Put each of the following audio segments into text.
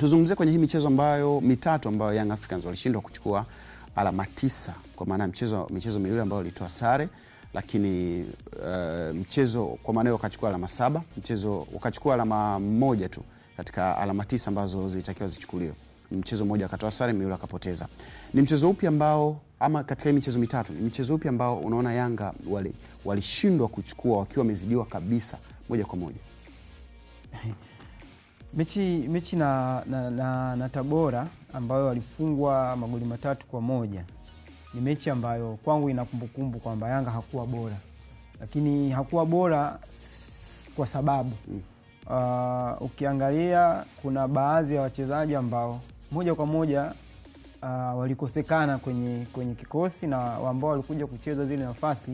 Tuzungumzie kwenye hii michezo ambayo mitatu ambayo Young Africans walishindwa kuchukua alama tisa kwa maana ya mchezo michezo miwili ambayo walitoa sare, lakini uh, mchezo kwa maana hiyo wakachukua alama saba, mchezo wakachukua alama moja tu katika alama tisa ambazo zilitakiwa zichukuliwe. Mchezo mmoja akatoa sare, miwili akapoteza. Ni mchezo upi ambao ama katika hii michezo mitatu ni mchezo upi ambao unaona Yanga walishindwa wali kuchukua wakiwa wamezidiwa kabisa moja kwa moja? mechi, mechi na, na, na, na Tabora ambayo walifungwa magoli matatu kwa moja ni mechi ambayo kwangu ina kumbukumbu kwamba Yanga hakuwa bora, lakini hakuwa bora kwa sababu mm. Uh, ukiangalia kuna baadhi ya wachezaji ambao moja kwa moja uh, walikosekana kwenye, kwenye kikosi na ambao walikuja kucheza zile nafasi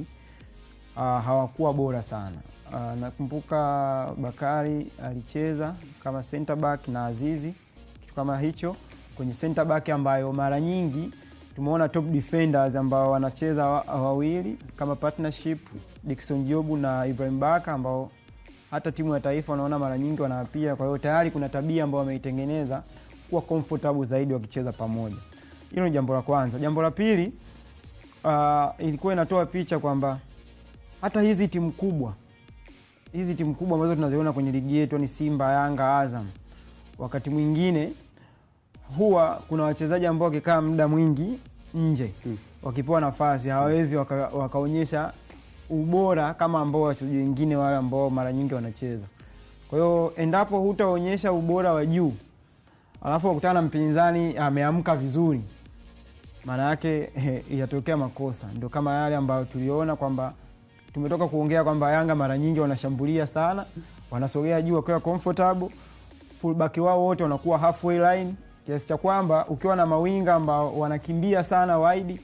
uh, hawakuwa bora sana. Ah, nakumbuka Bakari alicheza kama center back na Azizi, kitu kama hicho kwenye center back, ambayo mara nyingi tumeona top defenders ambao wanacheza wawili kama partnership Dickson Jobu na Ibrahim Baka, ambao hata timu ya taifa wanaona mara nyingi wanawapia. Kwa hiyo tayari kuna tabia ambayo wameitengeneza kuwa comfortable zaidi wakicheza pamoja. Hilo ni jambo la kwanza. Jambo la pili, uh, ilikuwa inatoa picha kwamba hata hizi timu kubwa hizi timu kubwa ambazo tunaziona kwenye ligi yetu ni Simba, Yanga, Azam, wakati mwingine huwa kuna wachezaji ambao wakikaa muda mwingi nje hmm. wakipewa nafasi hawawezi waka, wakaonyesha ubora kama ambao wachezaji wengine wale ambao mara nyingi wanacheza. Kwa hiyo endapo hutaonyesha ubora wa juu alafu wakutana na mpinzani ameamka vizuri, maana yake eh, eh, yatokea makosa, ndio kama yale ambayo tuliona kwamba tumetoka kuongea kwamba Yanga mara nyingi wanashambulia sana, wanasogea juu wakiwa comfortable, fullback wao wote wanakuwa halfway line, kiasi cha kwamba ukiwa na mawinga ambao wanakimbia sana wide,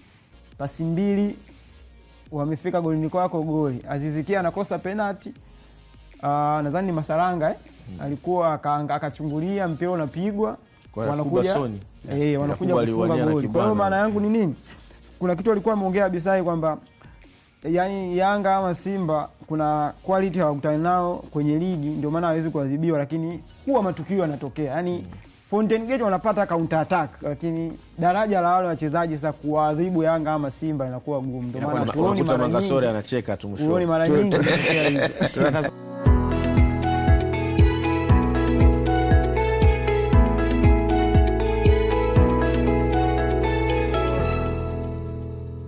pasi mbili wamefika golini kwako goli. Azizikia anakosa penalti. Uh, ah, nadhani ni Masaranga eh? Mm. Alikuwa akachungulia mpira unapigwa wanakuja eh, wanakuja kufunga goli. Kwa hiyo maana yangu ni nini? Kuna kitu alikuwa ameongea Bisai kwamba yani Yanga ama Simba kuna quality hawakutani nao kwenye ligi, ndio maana hawezi kuadhibiwa, lakini huwa matukio yanatokea yani Fountain Gate wanapata counter attack, lakini daraja la wale wachezaji sasa kuwaadhibu Yanga ama Simba inakuwa gumu, ndio maana mara mara nyingi